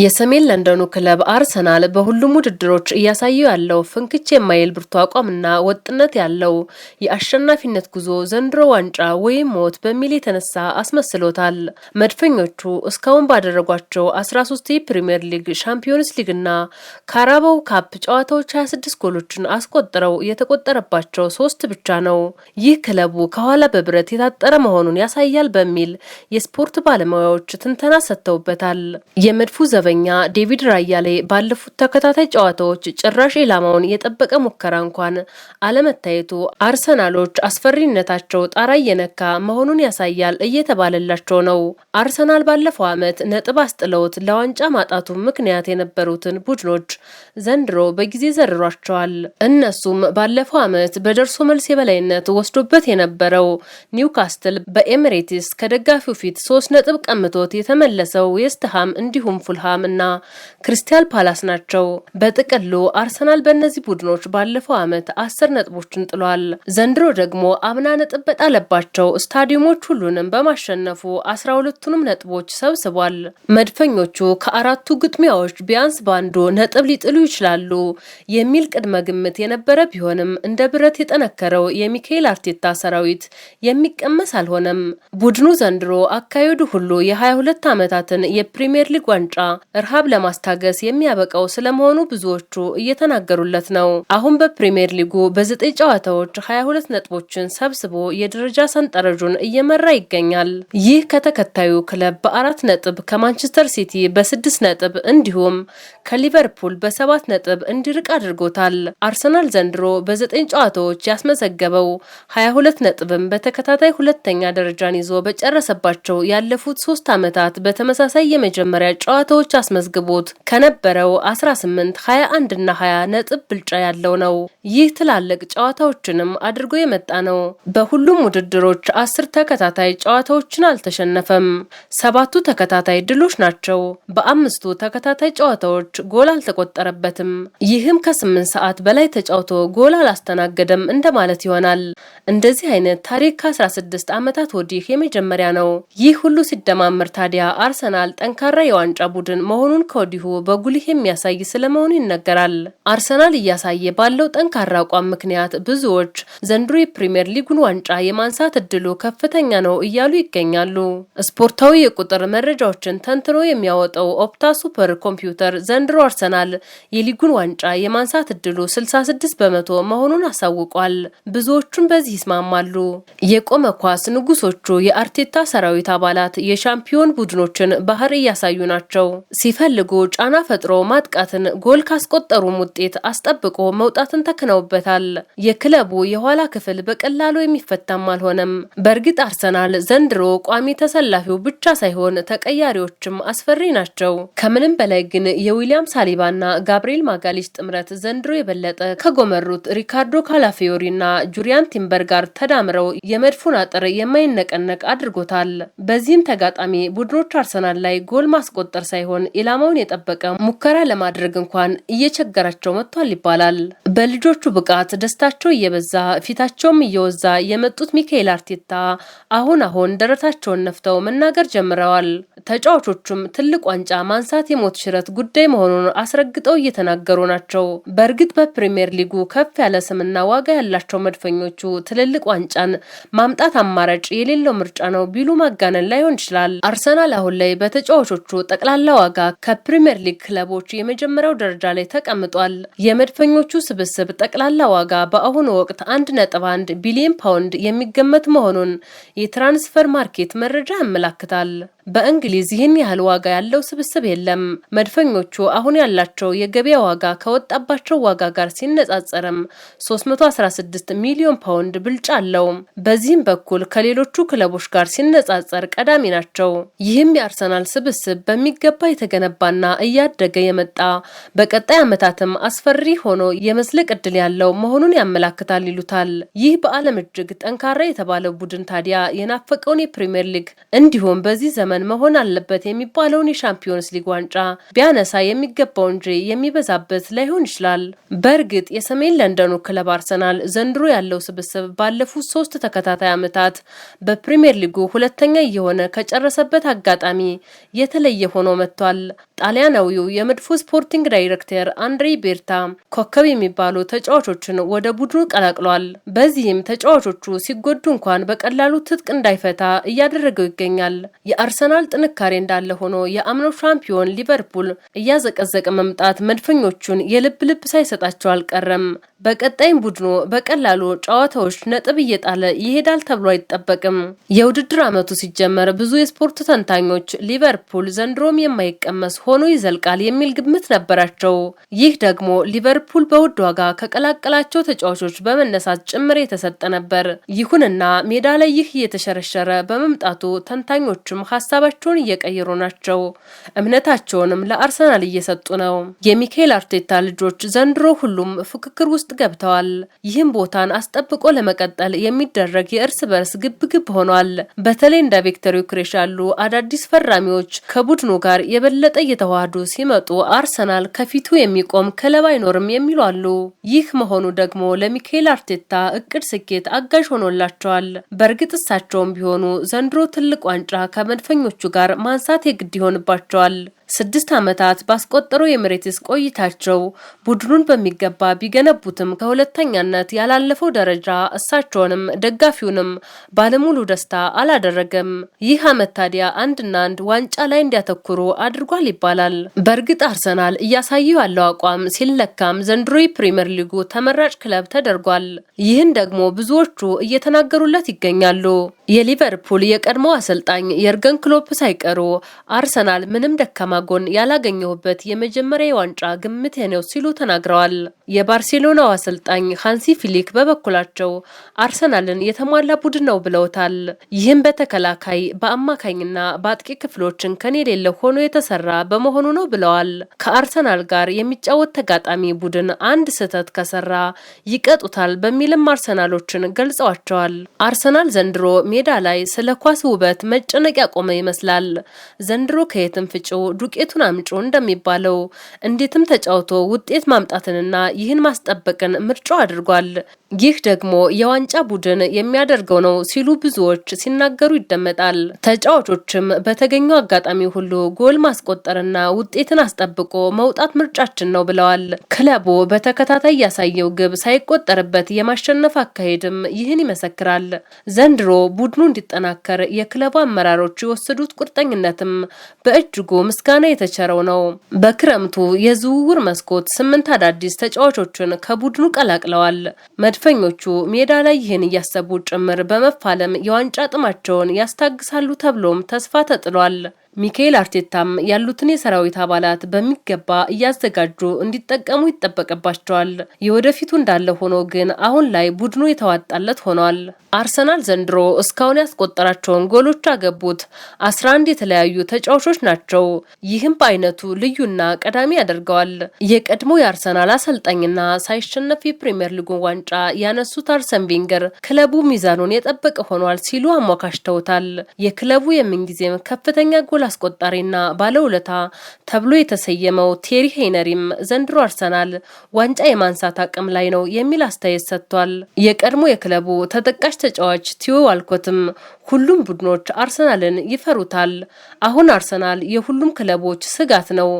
የሰሜን ለንደኑ ክለብ አርሰናል በሁሉም ውድድሮች እያሳዩ ያለው ፍንክች የማይል ብርቱ አቋምና ወጥነት ያለው የአሸናፊነት ጉዞ ዘንድሮ ዋንጫ ወይም ሞት በሚል የተነሳ አስመስሎታል። መድፈኞቹ እስካሁን ባደረጓቸው 13 የፕሪምየር ሊግ፣ ሻምፒዮንስ ሊግና ካራባው ካፕ ጨዋታዎች 26 ጎሎችን አስቆጥረው የተቆጠረባቸው ሶስት ብቻ ነው። ይህ ክለቡ ከኋላ በብረት የታጠረ መሆኑን ያሳያል በሚል የስፖርት ባለሙያዎች ትንተና ሰጥተውበታል። የመድፉ ዘበኛ ዴቪድ ራያሌ ባለፉት ተከታታይ ጨዋታዎች ጭራሽ ኢላማውን የጠበቀ ሙከራ እንኳን አለመታየቱ አርሰናሎች አስፈሪነታቸው ጣራ እየነካ መሆኑን ያሳያል እየተባለላቸው ነው። አርሰናል ባለፈው ዓመት ነጥብ አስጥለውት ለዋንጫ ማጣቱ ምክንያት የነበሩትን ቡድኖች ዘንድሮ በጊዜ ዘርሯቸዋል። እነሱም ባለፈው ዓመት በደርሶ መልስ የበላይነት ወስዶበት የነበረው ኒውካስትል በኤምሬትስ ከደጋፊው ፊት ሶስት ነጥብ ቀምቶት የተመለሰው ዌስትሃም እንዲሁም ፉልሃ ፉልሃም እና ክሪስታል ፓላስ ናቸው። በጥቅሉ አርሰናል በእነዚህ ቡድኖች ባለፈው ዓመት አስር ነጥቦችን ጥሏል። ዘንድሮ ደግሞ አምና ነጥብ በጣለባቸው ስታዲየሞች ሁሉንም በማሸነፉ አስራ ሁለቱንም ነጥቦች ሰብስቧል። መድፈኞቹ ከአራቱ ግጥሚያዎች ቢያንስ በአንዱ ነጥብ ሊጥሉ ይችላሉ የሚል ቅድመ ግምት የነበረ ቢሆንም እንደ ብረት የጠነከረው የሚካኤል አርቴታ ሰራዊት የሚቀመስ አልሆነም። ቡድኑ ዘንድሮ አካሄዱ ሁሉ የ22 ዓመታትን የፕሪምየር ሊግ ዋንጫ እርሃብ ለማስታገስ የሚያበቃው ስለመሆኑ ብዙዎቹ እየተናገሩለት ነው። አሁን በፕሪምየር ሊጉ በዘጠኝ ጨዋታዎች 22 ነጥቦችን ሰብስቦ የደረጃ ሰንጠረዡን እየመራ ይገኛል። ይህ ከተከታዩ ክለብ በአራት ነጥብ ከማንቸስተር ሲቲ በስድስት ነጥብ እንዲሁም ከሊቨርፑል በሰባት ነጥብ እንዲርቅ አድርጎታል። አርሰናል ዘንድሮ በዘጠኝ ጨዋታዎች ያስመዘገበው 22 ነጥብም በተከታታይ ሁለተኛ ደረጃን ይዞ በጨረሰባቸው ያለፉት ሶስት ዓመታት በተመሳሳይ የመጀመሪያ ጨዋታዎች ነጥቦች አስመዝግቦት ከነበረው 18 21 እና 20 ነጥብ ብልጫ ያለው ነው። ይህ ትላልቅ ጨዋታዎችንም አድርጎ የመጣ ነው። በሁሉም ውድድሮች አስር ተከታታይ ጨዋታዎችን አልተሸነፈም። ሰባቱ ተከታታይ ድሎች ናቸው። በአምስቱ ተከታታይ ጨዋታዎች ጎል አልተቆጠረበትም። ይህም ከስምንት ሰዓት በላይ ተጫውቶ ጎል አላስተናገደም እንደማለት ይሆናል። እንደዚህ አይነት ታሪክ ከ16 ዓመታት ወዲህ የመጀመሪያ ነው። ይህ ሁሉ ሲደማመር ታዲያ አርሰናል ጠንካራ የዋንጫ ቡድን መሆኑን ከወዲሁ በጉልህ የሚያሳይ ስለመሆኑ ይነገራል። አርሰናል እያሳየ ባለው ጠንካራ አቋም ምክንያት ብዙዎች ዘንድሮ የፕሪምየር ሊጉን ዋንጫ የማንሳት እድሉ ከፍተኛ ነው እያሉ ይገኛሉ። ስፖርታዊ የቁጥር መረጃዎችን ተንትኖ የሚያወጣው ኦፕታ ሱፐር ኮምፒውተር ዘንድሮ አርሰናል የሊጉን ዋንጫ የማንሳት እድሉ 66 በመቶ መሆኑን አሳውቋል። ብዙዎቹም በዚህ ይስማማሉ። የቆመ ኳስ ንጉሶቹ የአርቴታ ሰራዊት አባላት የሻምፒዮን ቡድኖችን ባህር እያሳዩ ናቸው። ሲፈልጉ ጫና ፈጥሮ ማጥቃትን ጎል ካስቆጠሩም ውጤት አስጠብቆ መውጣትን ተክነውበታል። የክለቡ የኋላ ክፍል በቀላሉ የሚፈታም አልሆነም። በእርግጥ አርሰናል ዘንድሮ ቋሚ ተሰላፊው ብቻ ሳይሆን ተቀያሪዎችም አስፈሪ ናቸው። ከምንም በላይ ግን የዊሊያም ሳሊባና ጋብሪኤል ማጋሊሽ ጥምረት ዘንድሮ የበለጠ ከጎመሩት ሪካርዶ ካላፊዮሪና ጁሪያን ቲምበር ጋር ተዳምረው የመድፉን አጥር የማይነቀነቅ አድርጎታል። በዚህም ተጋጣሚ ቡድኖች አርሰናል ላይ ጎል ማስቆጠር ሳይሆን ሳይሆን ኢላማውን የጠበቀ ሙከራ ለማድረግ እንኳን እየቸገራቸው መጥቷል ይባላል። በልጆቹ ብቃት ደስታቸው እየበዛ ፊታቸውም እየወዛ የመጡት ሚካኤል አርቴታ አሁን አሁን ደረታቸውን ነፍተው መናገር ጀምረዋል። ተጫዋቾቹም ትልቅ ዋንጫ ማንሳት የሞት ሽረት ጉዳይ መሆኑን አስረግጠው እየተናገሩ ናቸው። በእርግጥ በፕሪምየር ሊጉ ከፍ ያለ ስምና ዋጋ ያላቸው መድፈኞቹ ትልልቅ ዋንጫን ማምጣት አማራጭ የሌለው ምርጫ ነው ቢሉ ማጋነን ላይሆን ይችላል። አርሰናል አሁን ላይ በተጫዋቾቹ ጠቅላላ ዋጋ ከፕሪምየር ሊግ ክለቦች የመጀመሪያው ደረጃ ላይ ተቀምጧል። የመድፈኞቹ ስብስብ ጠቅላላ ዋጋ በአሁኑ ወቅት አንድ ነጥብ አንድ ቢሊዮን ፓውንድ የሚገመት መሆኑን የትራንስፈር ማርኬት መረጃ ያመላክታል። በእንግሊዝ ይህን ያህል ዋጋ ያለው ስብስብ የለም። መድፈኞቹ አሁን ያላቸው የገበያ ዋጋ ከወጣባቸው ዋጋ ጋር ሲነጻጸርም 316 ሚሊዮን ፓውንድ ብልጫ አለው። በዚህም በኩል ከሌሎቹ ክለቦች ጋር ሲነጻጸር ቀዳሚ ናቸው። ይህም የአርሰናል ስብስብ በሚገባ የተገነባና እያደገ የመጣ በቀጣይ ዓመታትም አስፈሪ ሆኖ የመዝለቅ እድል ያለው መሆኑን ያመላክታል ይሉታል። ይህ በዓለም እጅግ ጠንካራ የተባለው ቡድን ታዲያ የናፈቀውን የፕሪምየር ሊግ እንዲሁም በዚህ ዘመን ዘመን መሆን አለበት የሚባለውን የሻምፒዮንስ ሊግ ዋንጫ ቢያነሳ የሚገባው እንጂ የሚበዛበት ላይሆን ይችላል። በእርግጥ የሰሜን ለንደኑ ክለብ አርሰናል ዘንድሮ ያለው ስብስብ ባለፉት ሶስት ተከታታይ ዓመታት በፕሪምየር ሊጉ ሁለተኛ እየሆነ ከጨረሰበት አጋጣሚ የተለየ ሆኖ መጥቷል። ጣሊያናዊው የመድፎ ስፖርቲንግ ዳይሬክተር አንድሬ ቤርታ ኮከብ የሚባሉ ተጫዋቾችን ወደ ቡድኑ ቀላቅሏል። በዚህም ተጫዋቾቹ ሲጎዱ እንኳን በቀላሉ ትጥቅ እንዳይፈታ እያደረገው ይገኛል። የአርሰ አርሰናል ጥንካሬ እንዳለ ሆኖ የአምኖ ሻምፒዮን ሊቨርፑል እያዘቀዘቀ መምጣት መድፈኞቹን የልብ ልብ ሳይሰጣቸው አልቀረም። በቀጣይም ቡድኑ በቀላሉ ጨዋታዎች ነጥብ እየጣለ ይሄዳል ተብሎ አይጠበቅም። የውድድር ዓመቱ ሲጀመር ብዙ የስፖርት ተንታኞች ሊቨርፑል ዘንድሮም የማይቀመስ ሆኖ ይዘልቃል የሚል ግምት ነበራቸው። ይህ ደግሞ ሊቨርፑል በውድ ዋጋ ከቀላቀላቸው ተጫዋቾች በመነሳት ጭምር የተሰጠ ነበር። ይሁንና ሜዳ ላይ ይህ እየተሸረሸረ በመምጣቱ ተንታኞችም ሀሳብ ሀሳባቸውን እየቀየሩ ናቸው። እምነታቸውንም ለአርሰናል እየሰጡ ነው። የሚካኤል አርቴታ ልጆች ዘንድሮ ሁሉም ፍክክር ውስጥ ገብተዋል። ይህም ቦታን አስጠብቆ ለመቀጠል የሚደረግ የእርስ በርስ ግብግብ ሆኗል። በተለይ እንደ ቪክተር ዩክሬሽ ያሉ አዳዲስ ፈራሚዎች ከቡድኑ ጋር የበለጠ እየተዋህዱ ሲመጡ አርሰናል ከፊቱ የሚቆም ክለብ አይኖርም የሚሉ አሉ። ይህ መሆኑ ደግሞ ለሚካኤል አርቴታ እቅድ ስኬት አጋዥ ሆኖላቸዋል። በእርግጥ እሳቸውም ቢሆኑ ዘንድሮ ትልቅ ዋንጫ ከመድፈኛ ከሰራተኞቹ ጋር ማንሳት የግድ ይሆንባቸዋል። ስድስት ዓመታት ባስቆጠረው ስ ቆይታቸው ቡድኑን በሚገባ ቢገነቡትም ከሁለተኛነት ያላለፈው ደረጃ እሳቸውንም ደጋፊውንም ባለሙሉ ደስታ አላደረገም። ይህ ዓመት ታዲያ አንድና አንድ ዋንጫ ላይ እንዲያተኩሩ አድርጓል ይባላል። በእርግጥ አርሰናል እያሳየው ያለው አቋም ሲለካም ዘንድሮ ፕሪምየር ሊጉ ተመራጭ ክለብ ተደርጓል። ይህን ደግሞ ብዙዎቹ እየተናገሩለት ይገኛሉ። የሊቨርፑል የቀድሞ አሰልጣኝ የርገን ክሎፕ ሳይቀሩ አርሰናል ምንም ደካማ ጎን ያላገኘሁበት የመጀመሪያ የዋንጫ ግምቴ ነው ሲሉ ተናግረዋል። የባርሴሎናው አሰልጣኝ ሃንሲ ፊሊክ በበኩላቸው አርሰናልን የተሟላ ቡድን ነው ብለውታል። ይህም በተከላካይ በአማካኝና በአጥቂ ክፍሎችን ከኔ የሌለ ሆኖ የተሰራ በመሆኑ ነው ብለዋል። ከአርሰናል ጋር የሚጫወት ተጋጣሚ ቡድን አንድ ስህተት ከሰራ ይቀጡታል በሚልም አርሰናሎችን ገልጸዋቸዋል። አርሰናል ዘንድሮ ሜዳ ላይ ስለ ኳስ ውበት መጨነቅ ያቆመ ይመስላል። ዘንድሮ ከየትም ፍጪው ዱቄቱን አምጮ እንደሚባለው እንዴትም ተጫውቶ ውጤት ማምጣትንና ይህን ማስጠበቅን ምርጫው አድርጓል። ይህ ደግሞ የዋንጫ ቡድን የሚያደርገው ነው ሲሉ ብዙዎች ሲናገሩ ይደመጣል። ተጫዋቾችም በተገኘው አጋጣሚ ሁሉ ጎል ማስቆጠርና ውጤትን አስጠብቆ መውጣት ምርጫችን ነው ብለዋል። ክለቡ በተከታታይ ያሳየው ግብ ሳይቆጠርበት የማሸነፍ አካሄድም ይህን ይመሰክራል። ዘንድሮ ቡድኑ እንዲጠናከር የክለቡ አመራሮች የወሰዱት ቁርጠኝነትም በእጅጉ ምስጋና የተቸረው ነው። በክረምቱ የዝውውር መስኮት ስምንት አዳዲስ ተጫዋቾችን ከቡድኑ ቀላቅለዋል። መድፈኞቹ ሜዳ ላይ ይህን እያሰቡ ጭምር በመፋለም የዋንጫ ጥማቸውን ያስታግሳሉ ተብሎም ተስፋ ተጥሏል። ሚካኤል አርቴታም ያሉትን የሰራዊት አባላት በሚገባ እያዘጋጁ እንዲጠቀሙ ይጠበቅባቸዋል። የወደፊቱ እንዳለ ሆኖ ግን አሁን ላይ ቡድኑ የተዋጣለት ሆኗል። አርሰናል ዘንድሮ እስካሁን ያስቆጠራቸውን ጎሎች ያገቡት 11 የተለያዩ ተጫዋቾች ናቸው። ይህም በአይነቱ ልዩና ቀዳሚ ያደርገዋል። የቀድሞ የአርሰናል አሰልጣኝና ሳይሸነፍ የፕሪምየር ሊጉን ዋንጫ ያነሱት አርሰን ቬንገር ክለቡ ሚዛኑን የጠበቀ ሆኗል ሲሉ አሞካሽተውታል። የክለቡ የምንጊዜም ከፍተኛ ጎል ጎል አስቆጣሪና ባለውለታ ተብሎ የተሰየመው ቴሪ ሄነሪም ዘንድሮ አርሰናል ዋንጫ የማንሳት አቅም ላይ ነው የሚል አስተያየት ሰጥቷል። የቀድሞ የክለቡ ተጠቃሽ ተጫዋች ቲዮ ዋልኮትም ሁሉም ቡድኖች አርሰናልን ይፈሩታል። አሁን አርሰናል የሁሉም ክለቦች ስጋት ነው።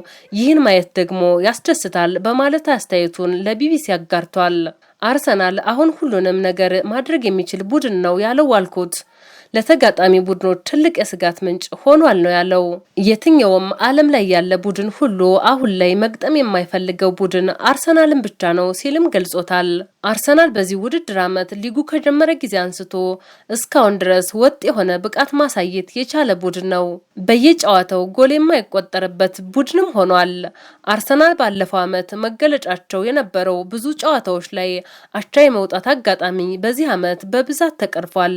ይህን ማየት ደግሞ ያስደስታል በማለት አስተያየቱን ለቢቢሲ አጋርቷል። አርሰናል አሁን ሁሉንም ነገር ማድረግ የሚችል ቡድን ነው ያለው ዋልኮት ለተጋጣሚ ቡድኖች ትልቅ የስጋት ምንጭ ሆኗል ነው ያለው። የትኛውም ዓለም ላይ ያለ ቡድን ሁሉ አሁን ላይ መግጠም የማይፈልገው ቡድን አርሰናልን ብቻ ነው ሲልም ገልጾታል። አርሰናል በዚህ ውድድር ዓመት ሊጉ ከጀመረ ጊዜ አንስቶ እስካሁን ድረስ ወጥ የሆነ ብቃት ማሳየት የቻለ ቡድን ነው። በየጨዋታው ጎል የማይቆጠርበት ቡድንም ሆኗል። አርሰናል ባለፈው ዓመት መገለጫቸው የነበረው ብዙ ጨዋታዎች ላይ አቻ የመውጣት አጋጣሚ በዚህ ዓመት በብዛት ተቀርፏል።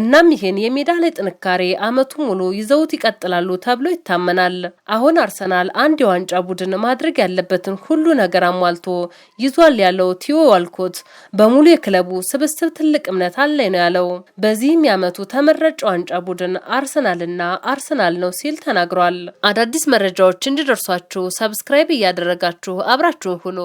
እናም ይህን የሜዳ ላይ ጥንካሬ ዓመቱ ሙሉ ይዘውት ይቀጥላሉ ተብሎ ይታመናል። አሁን አርሰናል አንድ የዋንጫ ቡድን ማድረግ ያለበትን ሁሉ ነገር አሟልቶ ይዟል ያለው ቲዮ ዋልኮት ያሉት። በሙሉ የክለቡ ስብስብ ትልቅ እምነት አለኝ ነው ያለው። በዚህም የዓመቱ ተመራጭ ዋንጫ ቡድን አርሰናልና አርሰናል ነው ሲል ተናግሯል። አዳዲስ መረጃዎች እንዲደርሷችሁ ሰብስክራይብ እያደረጋችሁ አብራችሁ ሁኑ።